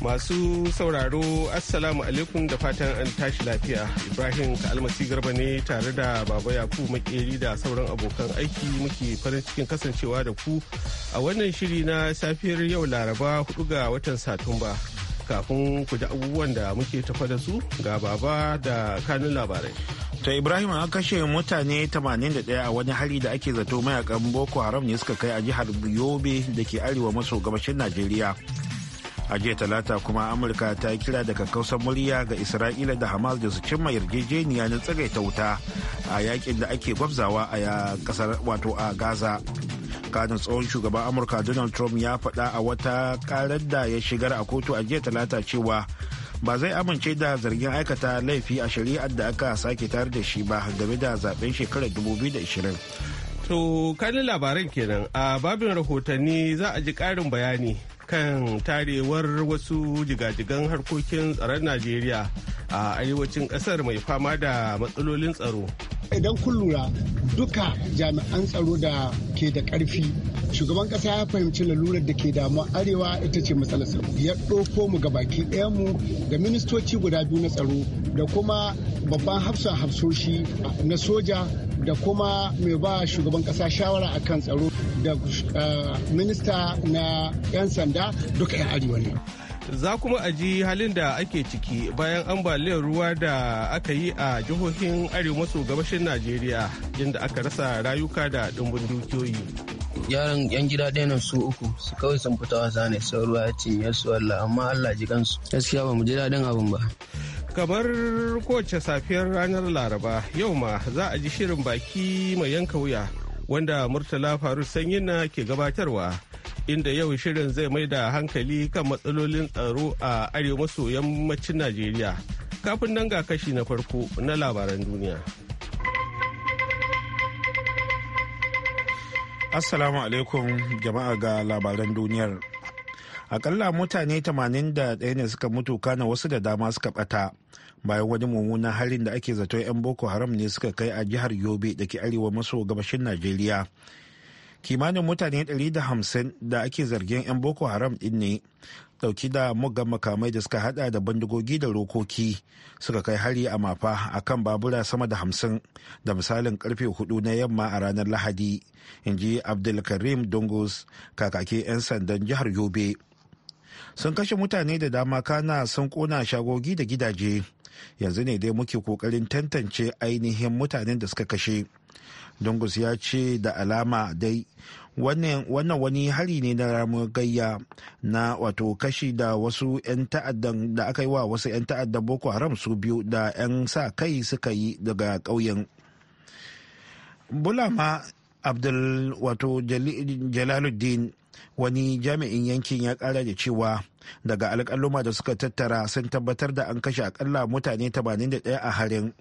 Masu sauraro Assalamu alaikum da fatan an tashi lafiya. Ibrahim Kalmasi Garba ne tare da Baba Yakubu Makeri da sauran abokan aiki muke farin cikin kasancewa da ku a wannan shiri na safiyar yau Laraba 4 ga watan Satumba. Kafin ku ji abubuwan da muke tafa da su ga Baba da kanun labarai. ta Ibrahim an kashe mutane 81 a wani hari da ake zato mayakan Boko Haram ne suka kai a jihar Yobe da ke arewa maso gabashin Najeriya. a jiya talata kuma amurka ta yi kira da kakkausar murya ga isra'ila da hamas da su cimma yarjejeniya na tsagaita wuta a yakin da ake gwabzawa a kasar wato a gaza tsakanin tsohon shugaban amurka donald trump ya faɗa a wata karar da ya shigar a kotu a jiya talata cewa ba zai amince da zargin aikata laifi a shari'ar da aka sake tare da shi ba game da zaben shekarar biyu da 2020 To kanin labaran kenan a babin rahotanni za a ji ƙarin bayani kan tarewar wasu jigajigan harkokin tsaron najeriya a arewacin kasar mai fama da matsalolin tsaro idan kun lura duka jami'an tsaro da ke da ƙarfi shugaban ƙasa ya fahimci lalurar da ke damuwa arewa ita ce matsalar ya ɗauko mu ga baki mu da ministoci guda biyu na tsaro da kuma babban hafsa hafsoshi na soja da kuma mai ba shugaban ƙasa shawara akan tsaro da eh, minista na 'yan sanda duka 'yan arewa ne. Za kuma a ji halin da ake ciki bayan ambaliyar ruwa da aka yi a jihohin arewa maso gabashin Najeriya inda aka rasa rayuka da ɗumbin dukiyoyi. yaran yan gida ɗaya nan su uku su kawai sun fita wasa ne sau ruwa ya cinye su Allah amma Allah ji kansu gaskiya ba mu ji daɗin abin ba kamar kowace safiyar ranar laraba yau ma za a ji shirin baki mai yanka wuya wanda Murtala Faru na ke gabatarwa inda yau shirin zai mai da hankali kan matsalolin tsaro a arewa maso yammacin Najeriya. Kafin nan ga kashi na farko na labaran duniya. Assalamu alaikum jama'a ga labaran duniyar. akalla mutane 81 ne suka mutu kana wasu da dama suka bata bayan wani mummunan harin da ake zato 'yan boko haram ne suka kai a jihar yobe da ke arewa maso gabashin najeriya kimanin mutane 150 da ake zargin 'yan boko haram din ne dauki da muggan makamai da suka hada da bandagogi da rokoki suka kai hari a mafa a kan babura sama da hamsin da misalin karfe hudu na yamma a ranar lahadi in ji abdulkarim dongos kakaki 'yan sandan jihar yobe sun kashe mutane da dama kana sun kona shagogi da gidaje yanzu ne dai muke kokarin tantance ainihin mutanen da suka kashe dungus ya ce da alama dai wannan wani hari ne na ramin gayya na wato kashi da wasu 'yan ta'addan da aka yi wa wasu 'yan ta'addan boko haram su biyu da 'yan sa kai suka yi daga ƙauyen bulama abdul wato jalaluddin wani jami'in yankin ya kara da cewa daga alkaluma da suka tattara sun tabbatar da an kashe akalla mutane 81 a harin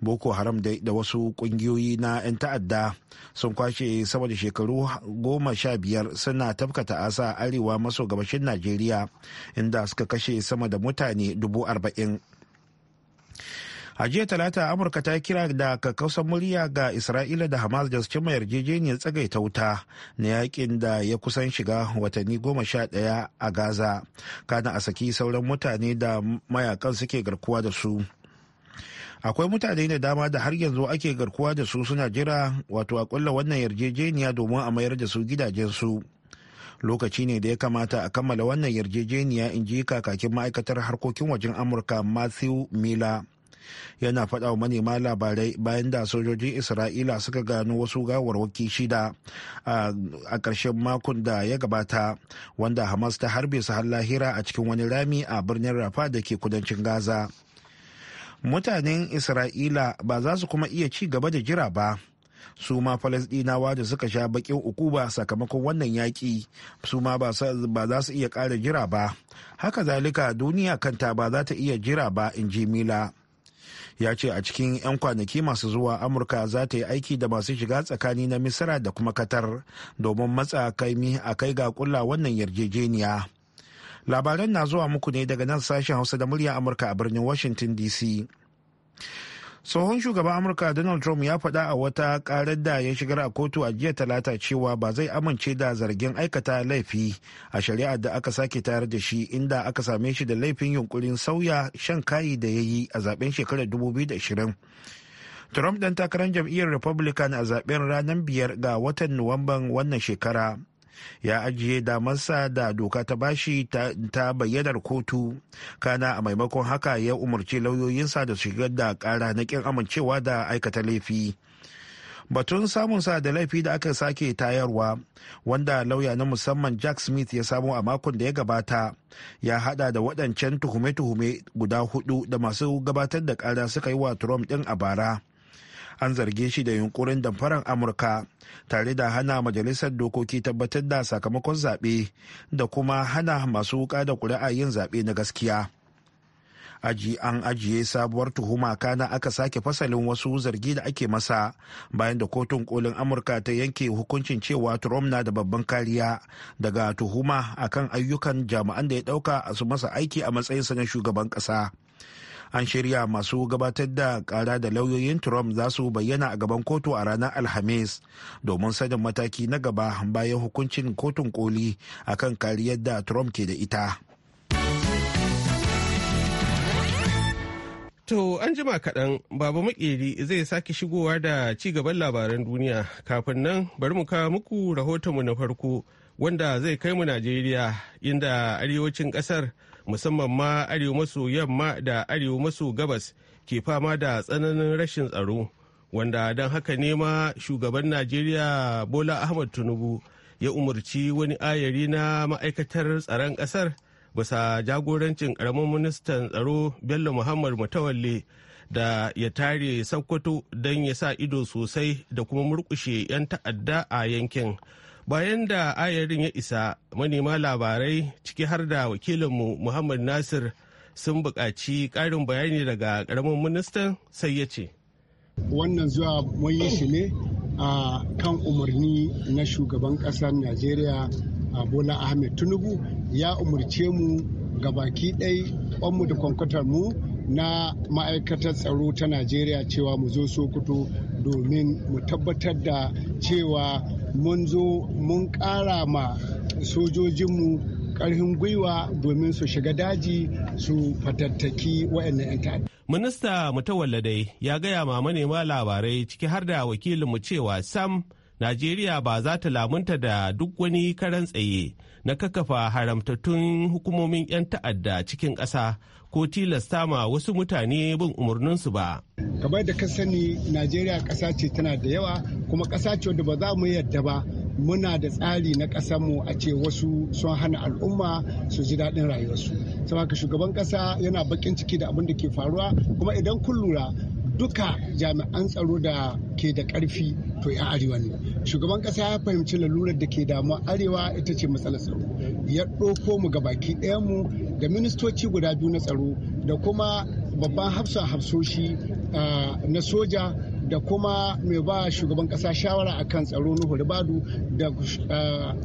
boko haram da wasu kungiyoyi na 'yan ta'adda sun kwashe sama da shekaru goma sha biyar suna tafka ta'asa arewa maso gabashin najeriya inda suka kashe sama da mutane dubu arba'in a jiya talata amurka ta kira da kakkausan murya ga isra'ila da hamas da su cimma yarjejeniyar tsagaita wuta na yakin da ya kusan shiga watanni goma sha ɗaya a gaza kana a saki sauran mutane da mayakan suke garkuwa da su akwai mutane da dama da har yanzu ake garkuwa da su suna jira wato a kulla wannan yarjejeniya domin a mayar da su gidajensu lokaci ne da ya kamata a kammala wannan yarjejeniya in ji kakakin ma'aikatar harkokin wajen amurka matthew miller yana faɗa wa manema labarai bayan da sojojin isra'ila suka gano wasu gawarwaki shida a ƙarshen makon da ya gabata wanda hamas ta harbe su har lahira a cikin wani rami a birnin rafa da ke kudancin gaza mutanen isra'ila ba za su kuma iya ci gaba da jira ba su ma falasdinawa da suka sha bakin ukuba sakamakon wannan yaƙi su ma ba za su iya ƙara jira ba haka zalika duniya kanta ba za ta iya jira ba in ji mila ya ce a cikin 'yan kwanaki masu zuwa amurka za ta yi aiki da masu shiga tsakani na misira da kuma katar domin matsa kaimi a kai ga kulla wannan yarjejeniya labaran na zuwa muku ne daga nan sashen hausa da murya amurka a birnin washington dc tsohon shugaban amurka donald trump ya faɗa a wata karar da ya shigar a kotu a jiya talata cewa ba zai amince da zargin aikata laifi a shari'ar da aka sake tayar da shi inda aka same shi da laifin yunkurin sauya shan kayi da ya yi a zaben shekarar 2020 trump ɗan takarar jam'iyyar republican a zaben ranar biyar ga watan nuwamban wannan shekara ya ajiye damarsa da doka ta bashi ta bayyanar kotu kana a maimakon haka ya umarci lauyoyinsa da shigar da kara na kin amincewa da aikata laifi batun samunsa da laifi da aka sake tayarwa wanda lauya na musamman jack smith ya samu a makon da ya gabata ya hada da waɗancan tuhume-tuhume guda hudu da masu gabatar da kara suka yi wa trump din a bara an zarge shi da yunkurin damfaran amurka tare da hana majalisar dokoki tabbatar da sakamakon zaɓe da kuma hana masu wuka da ƙuri'a yin zaɓe na gaskiya aji an ajiye sabuwar tuhuma kana aka sake fasalin wasu zargi da ake masa bayan da kotun kolin amurka ta yanke hukuncin cewa trump na da babban kariya daga tuhuma akan ayyukan jami'an da ya dauka a su masa aiki a matsayin na shugaban kasa an shirya masu gabatar da kara da lauyoyin trump za su bayyana a gaban kotu a ranar alhamis domin sanin mataki na gaba bayan hukuncin kotun koli akan kariyar da trump ke da ita To an jima kaɗan babu makeri zai sake shigowa da ci gaban labaran duniya kafin nan bari mu kawo muku rahoton mu na farko wanda zai kai mu Najeriya inda arewacin ƙasar musamman ma arewa maso yamma da arewa maso gabas ke fama da tsananin rashin tsaro wanda don haka ne ma shugaban najeriya bola ahmad tinubu ya umarci wani ayari na ma'aikatar tsaron ƙasar basa jagorancin ƙaramin ministan tsaro bello muhammad mutawalle da ya tare sakkwato don ya sa ido sosai da kuma murkushe 'yan ta'adda a yankin bayan da ayarin ya isa manema labarai ciki har da wakilinmu muhammad nasir sun buƙaci ƙarin bayani daga ƙaramin ministan sai ya ce wannan zuwa mun shi ne a kan umarni na shugaban ƙasar najeriya bola ahmed tinubu ya umarce mu ga baki ɗai ƙwanmu da kwankwatar mu na ma'aikatar tsaro ta najeriya cewa mu zo sokoto domin mu tabbatar da cewa mun zo mun ƙara ma sojojinmu karfin gwiwa domin su shiga daji su fatattaki waɗannan 'yan ta'adda. Minista Mutawalla ya gaya ma manema labarai ciki har da wakilinmu cewa Sam Najeriya ba za ta lamunta da duk wani karan tsaye na kakafa haramtattun hukumomin 'yan ta'adda cikin ƙasa ko tilasta ma wasu mutane bin umarninsu ba. kamar da ka sani najeriya ƙasa ce tana da yawa kuma ƙasa ce da ba za mu yadda ba muna da tsari na ƙasarmu a ce wasu sun hana al'umma su ji daɗin rayuwarsu saboda shugaban ƙasa yana baƙin ciki da abin da ke faruwa kuma idan kun lura duka jami'an tsaro da ke da ƙarfi to 'yan arewa ne shugaban kasa ya fahimci lalurar da ke damuwa arewa ita ce matsalar tsaro ya ɗauko mu gabaki mu da ministoci guda biyu na tsaro da kuma babban hafsan hafsoshi na soja da kuma mai ba shugaban kasa shawara akan tsaro nuhu ribadu da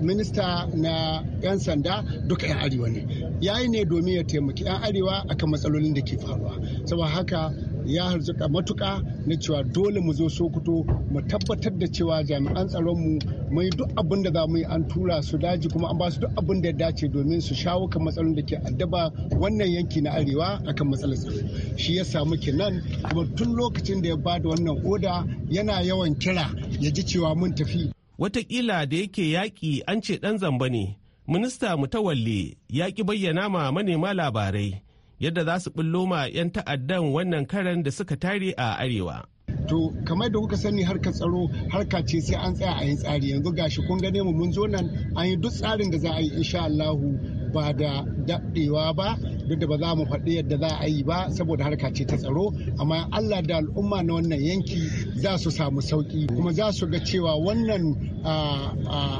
minista na 'yan sanda duka 'yan arewa ne ya ne domin ya taimaki 'yan arewa akan matsalolin da ke faruwa saboda haka ya harzuka matuka na cewa dole mu zo sokoto mu tabbatar da cewa jami'an tsaronmu mai duk abin da za mu yi an tura su daji kuma an ba su duk abin da ya dace domin su shawo kan matsalolin da ke addaba wannan yanki na arewa akan matsalar tsaro shi ya samu kenan kuma tun lokacin da ya bada wannan oda yana yawan kira ya ji cewa mun tafi wataƙila da yake yaƙi an ce ɗan zamba ne minista mutawalle ya ƙi bayyana ma manema labarai yadda za su ɓullo ma 'yan ta'addan wannan karan da suka tare a arewa. to kamar da kuka sani harkar tsaro harka ce sai an tsaya a yin tsari yanzu gashi kun gane mu mun zo nan an yi duk tsarin da za a yi insha Allahu ba da daɗewa ba duk da ba za mu faɗi yadda za a yi ba saboda harka ce ta tsaro amma allah da al'umma na wannan yanki za su samu sauki kuma za su ga cewa wannan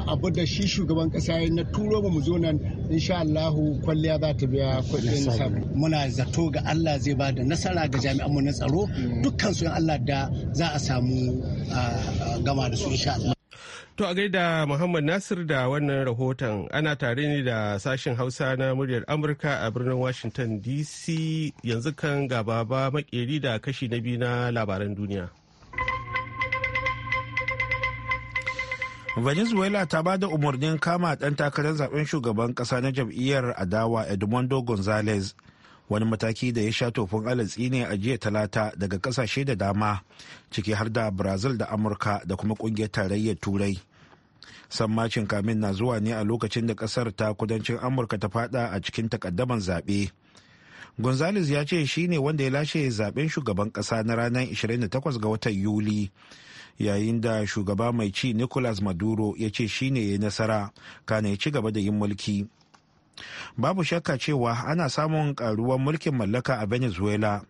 abu da shi shugaban ƙasa na turo mu zo nan insha allahu kwalliya za ta biya kuɗin sabu muna zato ga allah zai ba da nasara ga jami'an mu na tsaro mm. dukkan su allah da za a samu gama da su insha allah To a gaida Muhammad Nasir da wannan rahoton ana tare ne da sashen Hausa na muryar Amurka a birnin Washington DC yanzu kan gaba ba makeri da kashi na biyu na labaran duniya. venezuela ta ba da umarnin kama ɗan takarar zaben shugaban ƙasa na jam'iyyar adawa edmundo gonzalez wani mataki da ya sha tofin alatsi ne a jiya talata daga kasashe da dama ciki har da brazil da amurka da kuma ƙungiyar tarayyar turai sammacin kamin na zuwa ne a lokacin da kasar ta kudancin amurka ta fada a cikin takaddaman zaɓe gonzales ya ce shi ne wanda ya lashe zaben shugaban ƙasa na ranar 28 ga watan yuli yayin da shugaba mai ci nicolas maduro ya ce shi ne ya nasara kana ya ci gaba da yin mulki babu shakka cewa ana samun karuwar mulkin mallaka a venezuela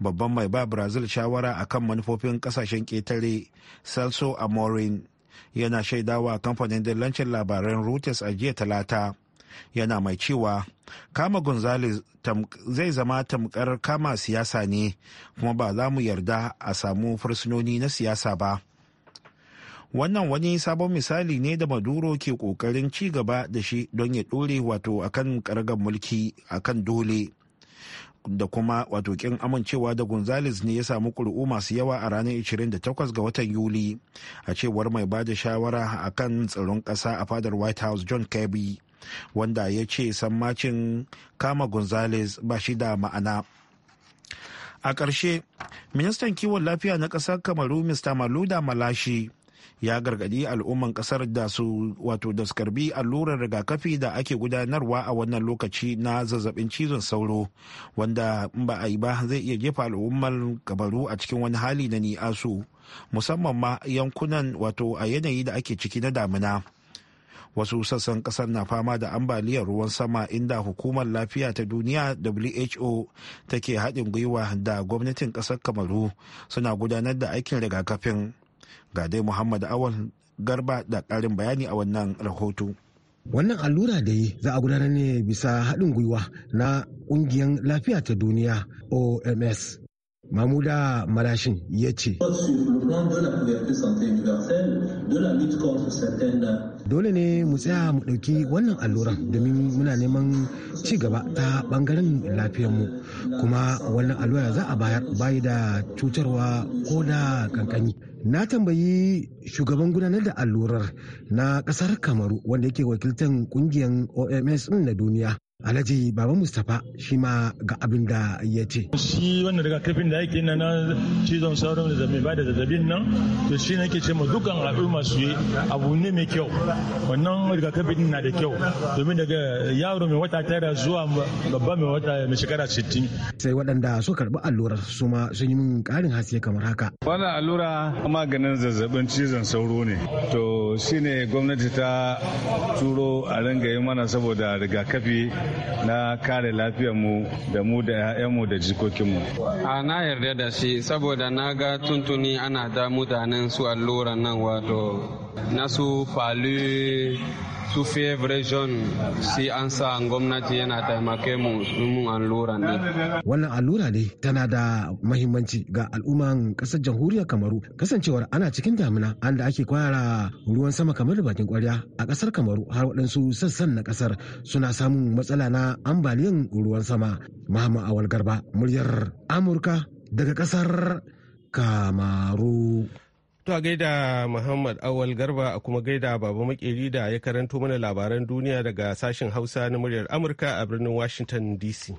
babban mai ba brazil shawara akan manufofin kasashen ketare celso amorin yana shaidawa kamfanin dillancin labaran reuters a jiya talata yana mai cewa kama gonzales zai zama tamkar kama siyasa ne kuma ba za mu yarda a samu fursunoni na siyasa ba wannan wani sabon misali ne da maduro ke kokarin ci gaba da shi don ya dore wato akan karagar mulki akan dole da kuma wato kin amincewa da gonzales ne ya samu kuri'u masu yawa a ranar 28 ga watan yuli a cewar mai ba da shawara a kan tsaron ƙasa a fadar white house john kirby wanda ya ce sammacin kama gonzales ba shi da ma'ana a ƙarshe ministan kiwon lafiya na ƙasar kamaru mr maluda malashi ya gargadi al'umman kasar da su wato da su karbi allurar rigakafi da ake gudanarwa a wannan lokaci na zazzabin cizon sauro wanda ba a yi ba zai iya jefa al'ummar kabaru a cikin wani hali na ni'asu musamman ma yankunan wato a yanayi da ake ciki na damina wasu sassan kasar na fama da ambaliyar ruwan sama inda hukumar lafiya ta duniya who take haɗin gwiwa da gwamnatin ƙasar kamaru suna gudanar da aikin rigakafin ga dai muhammad awal garba da karin bayani a wannan rahoto wannan allura da yi za a gudanar ne bisa haɗin gwiwa na ƙungiyar lafiya ta duniya oms mamuda marashin ya ce dole ne mu tsaya mu ɗauki wannan alluran domin muna neman ci gaba ta ɓangaren lafiyarmu kuma wannan allura za a bayar bayi da cutarwa ko da kankani na tambayi shugaban gudanar da allurar na kasar kamaru wanda yake wakiltar kungiyar oms na duniya alhaji baba mustapha shi ma ga abin da ya ce shi wannan rigakafin da ake na cizon sauran da zazzabi ba da zazzabin nan to shi nake ce ma dukkan al'umma su yi abu ne mai kyau wannan rigakafin na da kyau domin daga yaro mai wata tara zuwa babba mai wata mai shekara 60 sai waɗanda su karɓi allura su ma sun yi min ƙarin haske kamar haka wannan allura maganin zazzabin cizon sauro ne to shine gwamnati ta turo a ringa yi mana saboda rigakafi na kare mu da mu da 'ya'yanmu da jikokinmu a na yarda da shi saboda na ga tuntuni ana da mutanen su allura nan wato nasu falu tufiye version sai an sa gwamnati yana taimake mu mun allura ne. Wannan allura ne tana da mahimmanci ga al'umman kasar jamhuriyar Kamaru kasancewar ana cikin damina an da ake kwara ruwan sama kamar da bakin kwarya a ƙasar Kamaru har waɗansu sassan na ƙasar suna samun matsala na ambaliyan ruwan sama. Muhammad Awal Garba muryar Amurka daga ƙasar Kamaru. To a gaida Muhammad Awal Garba a kuma gaida Baba Makeri da ya karanto mana labaran duniya daga sashen Hausa na muryar Amurka a birnin Washington DC.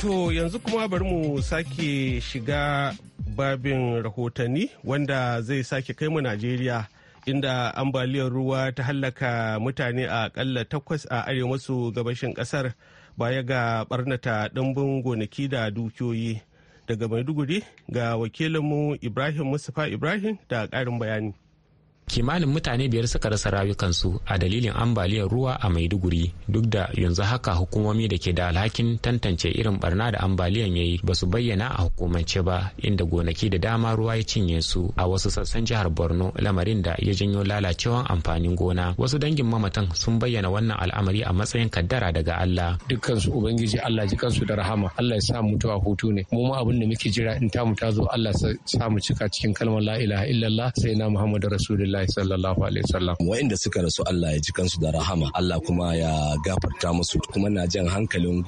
To yanzu kuma bari mu sake shiga babin rahotanni wanda zai sake kai mu Najeriya. inda ambaliyar ruwa ta hallaka mutane a akalla takwas a arewa maso gabashin kasar baya ga barnata ɗimbin gonaki da dukiyoyi daga maiduguri ga wakilinmu ibrahim mustapha ibrahim da ƙarin bayani kimanin mutane biyar suka rasa rayukansu a dalilin ambaliyar ruwa a maiduguri duk da yanzu haka hukumomi da ke da alhakin tantance irin barna da ambaliyan yayi ba su bayyana a hukumance ba inda gonaki da dama ruwa ya cinye su a wasu sassan jihar borno lamarin da ya janyo lalacewan amfanin gona wasu dangin mamatan sun bayyana wannan al'amari a matsayin kaddara daga allah dukkansu ubangiji allah ji kansu da rahama allah ya sa mutuwa hutu ne mu ma abin da muke jira in ta mu ta zo allah sa mu cika cikin kalmar la ilaha illallah sai na muhammadu rasulullah rasulullahi sallallahu alaihi wasallam wa'inda suka rasu Allah ya ji kansu da rahama Allah kuma ya gafarta musu kuma na jan hankalin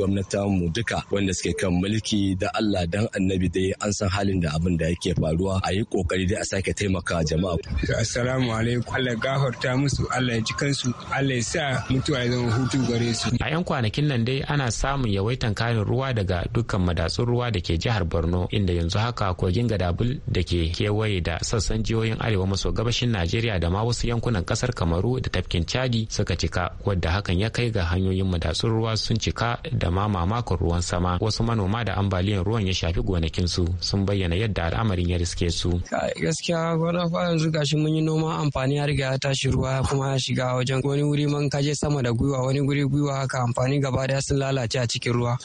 mu duka wanda suke kan mulki da Allah dan annabi dai an san halin da abin da yake faruwa a yi kokari dai a sake taimaka jama'a assalamu alaikum Allah gafarta musu Allah ya ji kansu Allah ya sa mutuwa ya zama hutu gare su a yan kwanakin nan dai ana samun yawaitan kayan ruwa daga dukkan madatsun ruwa da ke jihar Borno inda yanzu haka kogin Gadabul da ke kewaye da sassan jihohin arewa maso gabashin Najeriya najeriya da ma wasu yankunan kasar kamaru da tafkin chadi suka cika wadda hakan ya kai ga hanyoyin madatsun ruwa sun cika da ma mamakon ruwan sama wasu manoma da ambaliyar ruwan ya shafi gonakinsu sun bayyana yadda al'amarin ya riske su gaskiya gona fa yanzu gashi mun yi noma amfani ya riga ya tashi ruwa kuma ya shiga wajen wani wuri man kaje sama da gwiwa wani guri gwiwa haka amfani gaba daya sun lalace a cikin ruwa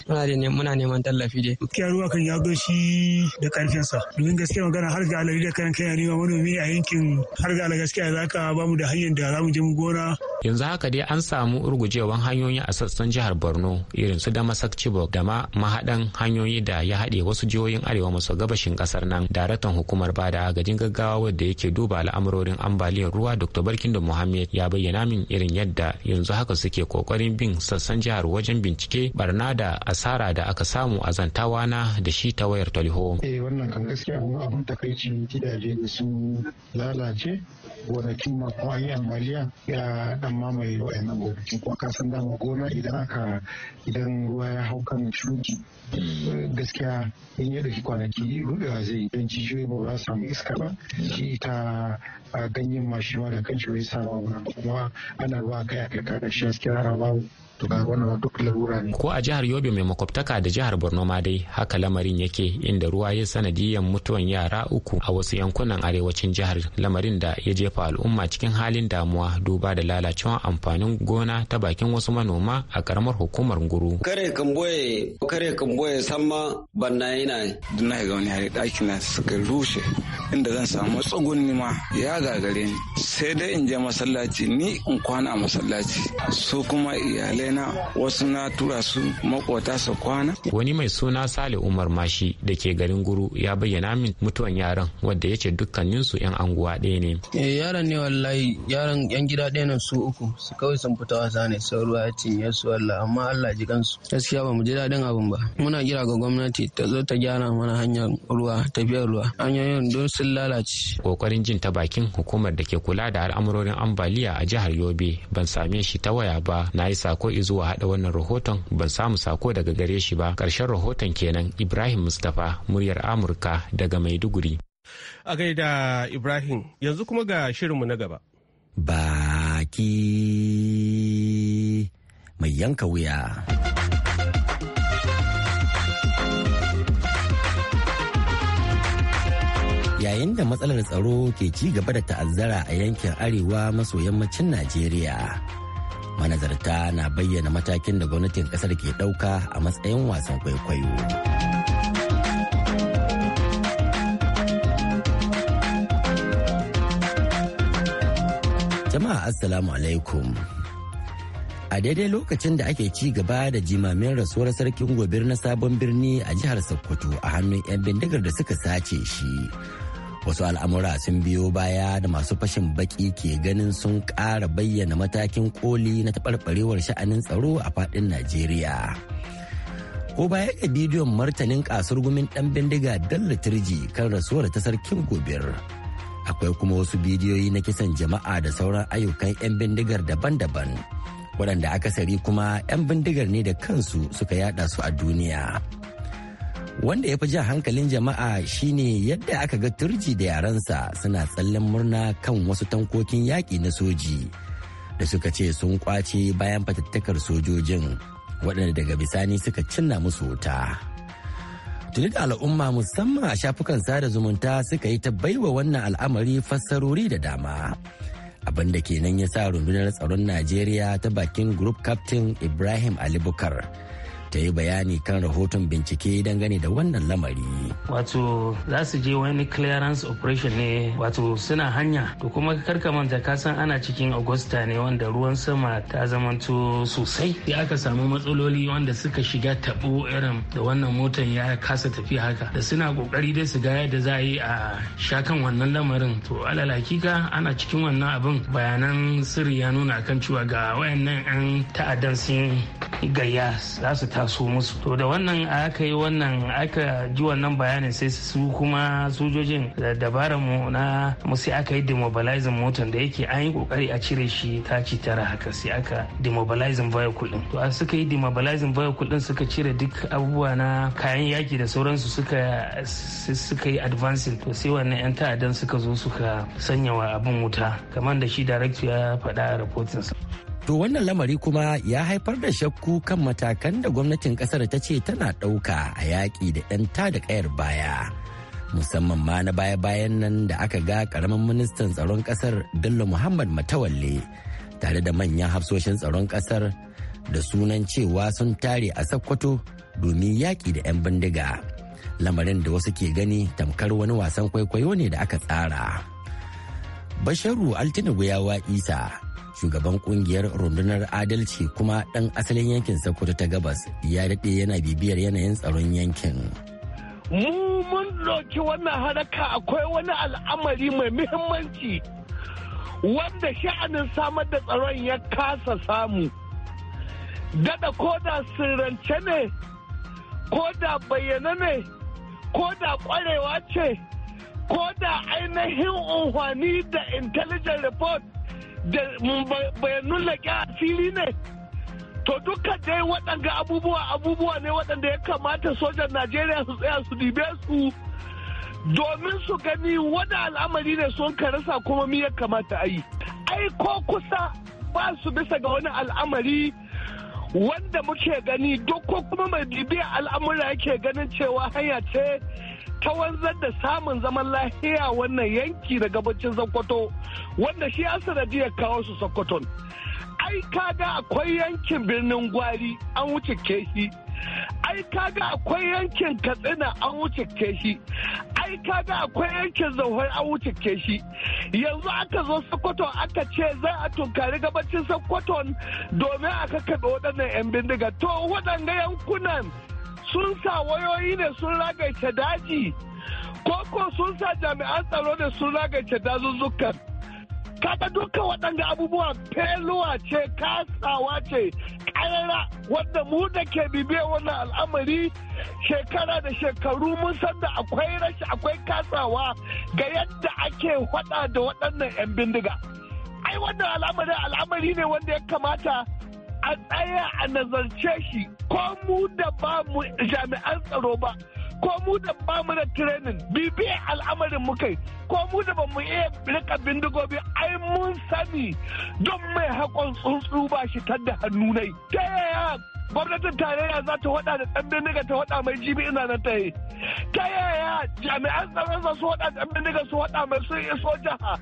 muna neman tallafi dai gaskiya ruwa kan ya shi da sa domin gaskiya magana har ga alari da kayan kayan riwa manomi a yankin har ga gaskiya za ka ba mu da hanyar da za mu je mu gona yanzu haka dai an samu urgujewan hanyoyi a sassan jihar borno irin su da chibok da ma mahaɗan hanyoyi da ya haɗe wasu jihohin arewa maso gabashin ƙasar nan daraktan hukumar bada agajin gaggawa wadda yake duba al'amurorin ambaliyar ruwa dr barkindo muhammed ya bayyana min irin yadda yanzu haka suke kokarin bin sassan jihar wajen bincike barna da asara da aka samu a zantawa na da shi ta wayar talho. eh wannan kan gaskiya abin takaici gidaje da sun lalace gonakin makwai ambaliya ya kan mamaye wa'annan gonakin kuma ka san dama gona idan aka idan ruwa ya hau kan shuki eh, gaskiya in ya dauki kwanaki rubewa zai don cijiyoyi ba za samu iska ba shi ta ah, ganyen mashi ma da kan shi bai sa ba kuma ana ruwa kai a kai kada shi gaskiya har babu ko a jihar Yobe mai makwabtaka da jihar Borno ma dai haka lamarin yake inda ruwa ya sanadiyan mutuwan yara uku a wasu yankunan arewacin jihar lamarin da ya jefa al'umma cikin halin damuwa duba da lalacewar amfanin gona ta bakin wasu manoma a karamar hukumar guru. kare kamboye kare kamboye sama banna yana na ga wani hari daki na suka rushe inda zan samu tsugunni ma ya gagare ni sai dai in je masallaci ni in kwana a masallaci su kuma iyalai iyayena wasu na tura su makota su kwana. Wani mai suna Sale Umar Mashi da ke garin Guru ya bayyana min mutuwan yaran wanda ya ce dukkaninsu 'yan anguwa ɗaya ne. Eh, yaran ne wallahi yaran 'yan gida ɗaya nan su uku su kawai sun fita wasa ne sau ruwa ya cinye su Allah amma Allah ji kansu. Gaskiya ba mu ji daɗin abin ba. Muna kira ga gwamnati ta zo ta gyara mana hanyar ruwa tafiyar ruwa hanyoyin don sun lalace. Kokarin jin ta bakin hukumar da ke kula da al'amurorin ambaliya a jihar Yobe ban same shi ta waya ba na yi sako zuwa haɗa wannan rahoton ban samu sako daga gare shi ba ƙarshen rahoton kenan ibrahim mustapha muryar amurka daga maiduguri a gaida ibrahim yanzu kuma ga shirinmu na gaba baki mai yanka wuya yayin da matsalar tsaro ke ci gaba da ta'azzara a yankin arewa maso yammacin najeriya manazarta na bayyana matakin da gwamnatin kasar ke ɗauka a matsayin wasan kwaikwayo jama'a assalamu alaikum a daidai lokacin da ake ci gaba da jimamin rasuwar sarkin gobe na sabon birni a jihar sokoto a hannun 'yan bindigar da suka sace shi wasu al'amura sun biyo baya da masu fashin baki ke ganin sun ƙara bayyana matakin koli na taɓarɓarewar sha'anin tsaro a faɗin najeriya ko baya ga bidiyon martanin gumin ɗan bindiga dalla turji kan rasuwar ta sarkin gobir akwai kuma wasu bidiyoyi na kisan jama'a da sauran ayyukan 'yan bindigar daban-daban waɗanda akasari kuma 'yan bindigar ne da kansu suka yada su a duniya. wanda ya fi jan hankalin jama'a shine yadda aka ga turji da yaransa suna tsallen murna kan wasu tankokin yaƙi na soji da suka ce sun kwace bayan fatattakar sojojin waɗanda daga bisani suka cinna musu wuta tuni da al'umma musamman a shafukan sada zumunta suka yi ta baiwa wannan al'amari fassarori da dama abin da kenan ya sa rundunar tsaron najeriya ta bakin group captain ibrahim ali bukar ta yi bayani kan rahoton bincike dangane da wannan lamari. Wato za su je wani clearance operation ne wato suna hanya to kuma karka manta kasan ana cikin Augusta ne wanda ruwan sama ta zamanto sosai sai aka samu matsaloli wanda suka shiga tabo irin da wannan motan ya kasa tafi haka da suna kokari dai su ga yadda za a yi a shakan wannan lamarin to alal hakika ana cikin wannan abin bayanan sirri ya nuna kan cewa ga wayannan 'yan ta'addan sun gayya za su taso musu to da wannan aka yi wannan aka ji wannan bayanin sai su kuma sojojin da dabara mu na musu aka yi demobilizing motan da yake an yi kokari a cire shi ta ci tara haka sai aka demobilizing vehicle din to a suka yi demobilizing vehicle din suka cire duk abubuwa na kayan yaki da sauransu suka suka yi advancing to sai wannan yan ta'addan suka zo suka sanya wa abin wuta kamar da shi director ya faɗa a rahotinsa To wannan lamari kuma ya haifar da shakku kan matakan da gwamnatin kasar ta ce tana ɗauka a yaƙi da 'yan da ƙayar baya. Musamman ma na baya-bayan nan da aka ga ƙaramin ministan tsaron ƙasar Bello Muhammad Matawalle tare da manyan hafsoshin tsaron ƙasar da sunan cewa sun tare a Sokoto domin yaƙi da 'yan bindiga. Lamarin da wasu ke gani tamkar wani wasan kwaikwayo ne da aka tsara. Basharu Altinubu ya wa Isa shugaban kungiyar rundunar adalci kuma ɗan asalin yankin sokoto ta gabas ya daɗe yana bibiyar yanayin tsaron yankin mu mun doki wannan haraka akwai wani al'amari mai muhimmanci wanda sha'anin samar da tsaron ya kasa samu dada koda sirrance ne koda bayyana ne koda kwarewa ce koda ainihin unhwani da intelligent report da bayanun laƙi asiri ne to dukkan dai waɗanga abubuwa abubuwa ne waɗanda ya kamata sojan najeriya su tsaya su dibe su domin su gani wani al'amari ne sun rasa kuma mi ya kamata a yi ai ko kusa ba su bisa ga wani al'amari wanda muke gani duk ko kuma mai bibiya al'amura yake ganin cewa hanya ce ta wanzar da samun zaman lahiya wannan yanki da gabacin sokoto wanda shi an sanadiyar kawo su sokoton ai kaga akwai yankin birnin gwari an wuce keshi ai kaga akwai yankin katsina an wuce keshi ai kaga akwai yankin zauhar an wuce keshi yanzu aka zo sokoto aka ce za a tunkari gabacin sokoton domin a kaɗo waɗannan 'yan bindiga to waɗanda yankunan sun sa wayoyi ne sun ragaice daji koko sun sa jami'an tsaro ne sun ragaice dazuzzukan kaga dukkan waɗanda abubuwa feluwa ce kasawa ce ƙarara wanda mu da ke bibiyar wannan al'amari shekara da shekaru mun san da akwai rashi akwai kasawa ga yadda ake faɗa da waɗannan 'yan bindiga ai wannan al'amari al'amari ne wanda ya kamata a tsaya a nazarce shi ko mu da ba mu jami'an tsaro ba ko mu da ba mu da training bibiya al'amarin mu kai ko mu da ba mu iya rika bindigobi ai mun sani don mai hakon tsuntsu ba shi tadda hannu nai ta yaya gwamnatin tarayya za ta hada da ɗan bindiga ta hada mai jibi ina na ta yi ta yaya jami'an tsaron za su hada ɗan bindiga su hada mai sun iso jiha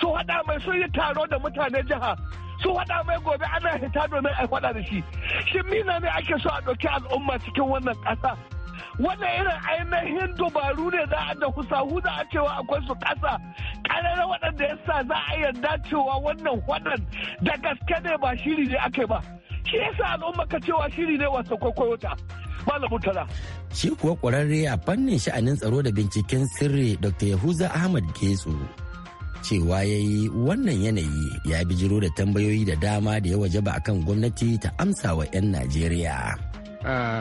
su hada mai sun yi taro da mutane jiha su faɗa mai gobe ana hita domin a faɗa da shi shi mina ne ake so a ɗauki al'umma cikin wannan ƙasa wannan irin ainihin dubaru ne za a da kusa huda a cewa akwai su ƙasa ƙarar waɗanda ya sa za a yarda cewa wannan waɗan da gaske ne ba shiri ne ake ba shi ya sa al'umma ka cewa shiri ne wasu kwaikwayo ta malamin tara. Shi kuwa ƙwararre a fannin sha'anin tsaro da binciken sirri Dr. Yahuza Ahmad Getsu cewa ya yi wannan yanayi ya bijiro da tambayoyi da dama da ya wajaba kan gwamnati ta amsa wa 'yan najeriya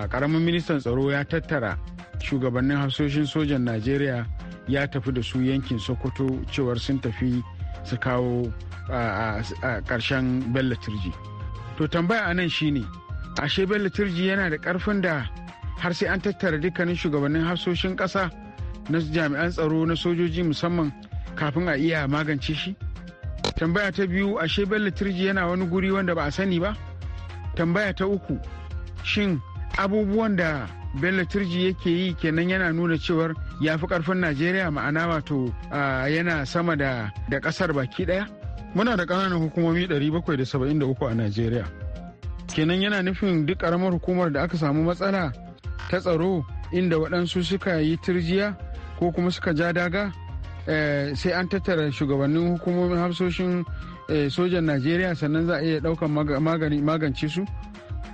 karamin ministan tsaro ya tattara shugabannin hafsoshin sojan najeriya ya tafi da su yankin sokoto cewar sun tafi su kawo karshen bello turji to tambaya a nan shine ashe bello turji yana da karfin da har sai an tattara dukkanin shugabannin hafsoshin ƙasa na jami'an tsaro na sojoji musamman kafin a iya magance shi tambaya ta biyu ashe bello turji yana wani guri wanda ba a sani ba tambaya ta uku shin abubuwan da bello turji yake yi kenan yana nuna cewar ya fi karfin najeriya ma'ana wato yana sama da da kasar baki daya muna da ƙananan hukumomi 773 a najeriya kenan yana nufin duk ƙaramar hukumar da aka samu matsala ta tsaro inda waɗansu suka yi turjiya ko kuma suka ja daga Eh, sai an tattara shugabannin hukumomin hamsoshin eh, sojan najeriya sannan za a iya daukan magani magance su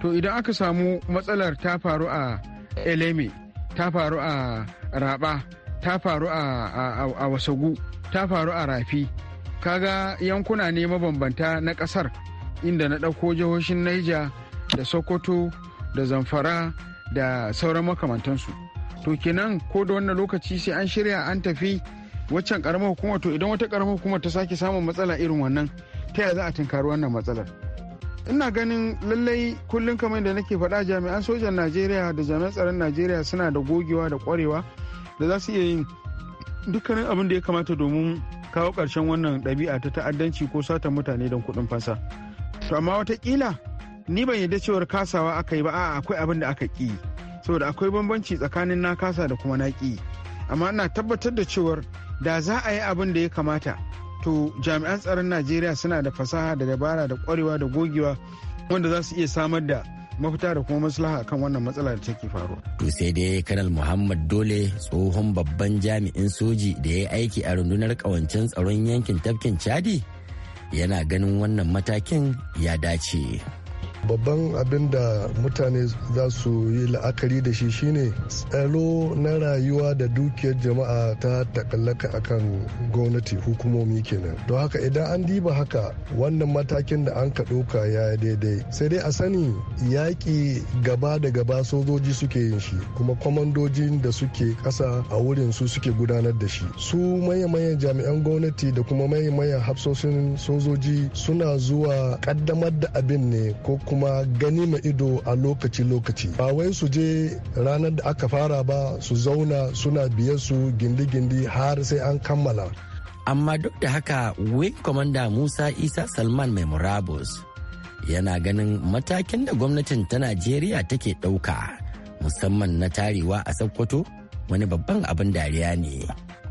to idan aka samu matsalar ta faru a eleme ta faru a raba ta faru a wasagu ta faru a rafi kaga yankuna ne mabambanta na kasar inda na ɗauko jihohin naija da sokoto da zamfara da sauran makamantansu to kenan ko da wannan lokaci sai an shirya an tafi waccan karamar hukumar to idan wata karamar hukumar ta sake samun matsala irin wannan ta yaya za a tunkari wannan matsalar ina ganin lallai kullum kamar da nake faɗa jami'an sojan najeriya da jami'an tsaron najeriya suna da gogewa da kwarewa da za su iya yin dukkanin abin da ya kamata domin kawo ƙarshen wannan ɗabi'a ta ta'addanci ko sata mutane don kuɗin fasa to amma watakila ni ban yarda cewar kasawa aka yi ba a'a akwai abin da aka ƙi saboda akwai bambanci tsakanin na kasa da kuma na ƙi amma ina tabbatar da cewar da za a yi abin da ya kamata to jami'an tsaron najeriya suna da fasaha da dabara da kwarewa da gogewa wanda za su iya samar da mafita da kuma maslaha kan wannan matsala da take faruwa. To sai dai kanal Muhammad Dole tsohon babban jami'in soji da ya aiki a rundunar kawancin tsaron yankin tafkin Chadi yana ganin wannan matakin ya dace. babban abin da mutane za su yi la'akari da shi shine tsaro na rayuwa da dukiyar jama'a ta takallaka akan gwamnati hukumomi kenan don haka idan an diba haka wannan matakin da an ka ɗauka ya daidai sai dai a sani yaƙi gaba da gaba sojoji suke yin shi kuma kwamandojin da suke ƙasa a wurin su suke gudanar da shi su maye-mayen jami'an gwamnati da kuma maye-mayen hafsoshin sojoji suna zuwa ƙaddamar da abin ne ko kuma gani ma ido a lokaci-lokaci ba wai su je ranar da aka fara ba su zauna suna biye su gindi-gindi har sai an kammala amma duk da haka wing commander musa isa salman mai murabus yana ganin matakin da gwamnatin ta najeriya take dauka musamman na tarewa a sokoto wani babban abin dariya ne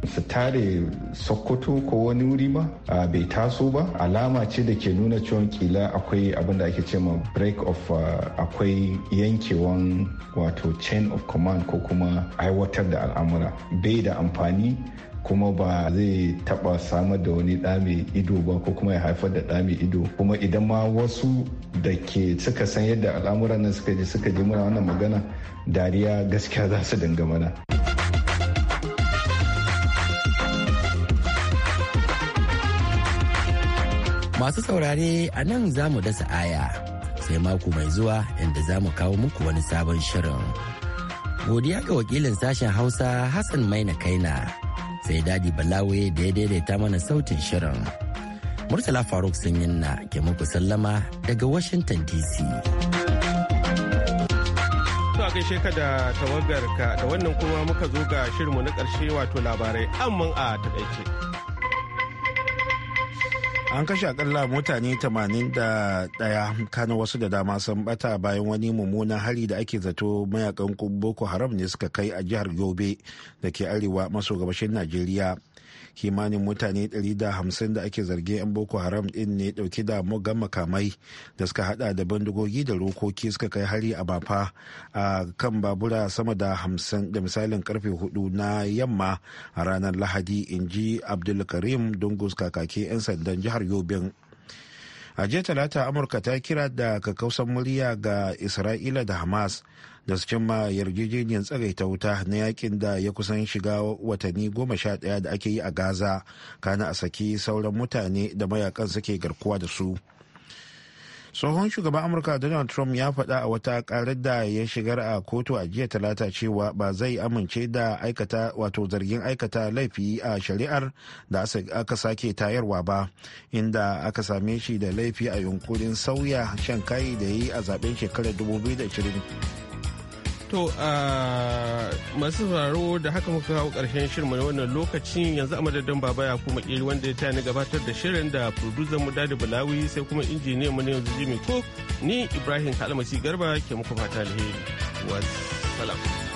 su tare sokoto ko wani wuri ba bai taso ba alama ce da ke nuna cewa kila akwai abin da ake ce ma break of akwai yankewan wato chain of command ko kuma aiwatar da al'amura bai da amfani kuma ba zai taba samar da wani ɗame ido ba ko kuma ya haifar da ɗame ido kuma idan ma wasu da ke suka san yadda al'amuran nan suka ji suka ji muna wannan magana dariya gaskiya za su dinga mana. Masu saurare a nan za mu dasa aya sai mako mai zuwa inda za mu kawo muku wani sabon shirin. Godiya ga wakilin sashen Hausa Hassan Maina na sai Dadi Balawe da ya daidaita mana sautin shirin. Murtala Faruk yi na ke muku sallama daga Washington DC. a gaishe ka da ka da wannan kuma muka zo ga shirinmu na karshe wato labarai amman a taƙaice. an kashe akalla mutane 81 kana wasu da dama sun bata bayan wani mummunan hari da ake zato mayakan boko haram ne suka kai a jihar yobe da ke arewa maso gabashin najeriya kimanin mutane 150 da ake zargin 'yan boko haram din ne dauke da mugan makamai da suka hada da bandugogi da rokoki suka kai hari a bafa a kan babura sama da 50 da misalin karfe 4 na yamma a ranar lahadi in ji abdulkarim dungus kakaki 'yan sandan jihar yobin a jiya talata amurka ta kira da kakausan murya ga isra'ila da hamas da su cimma yarjejeniyar tsagaita wuta na yakin da ya kusan shiga watanni goma sha ɗaya da ake yi a gaza kana a saki sauran mutane da mayakan suke garkuwa da su tsohon shugaban amurka donald trump ya faɗa a wata ƙarar da ya shigar a kotu a jiya talata cewa ba zai amince da aikata wato zargin aikata laifi a shari'ar da aka sake tayarwa ba inda aka same shi da laifi a yunkurin sauya shan kayi da yi a zaben shekarar 2020 To masu sauraro da haka muka kawo ƙarshen shirin na wannan lokacin yanzu a madadin baba ya kuma ƙiri wanda ya tani gabatar da shirin da producer mu Dadi Bulawi sai kuma injiniyan mu ne yanzu Jimmy Cook ni Ibrahim Kalmasi Garba ke muku fata alheri. Wassalam.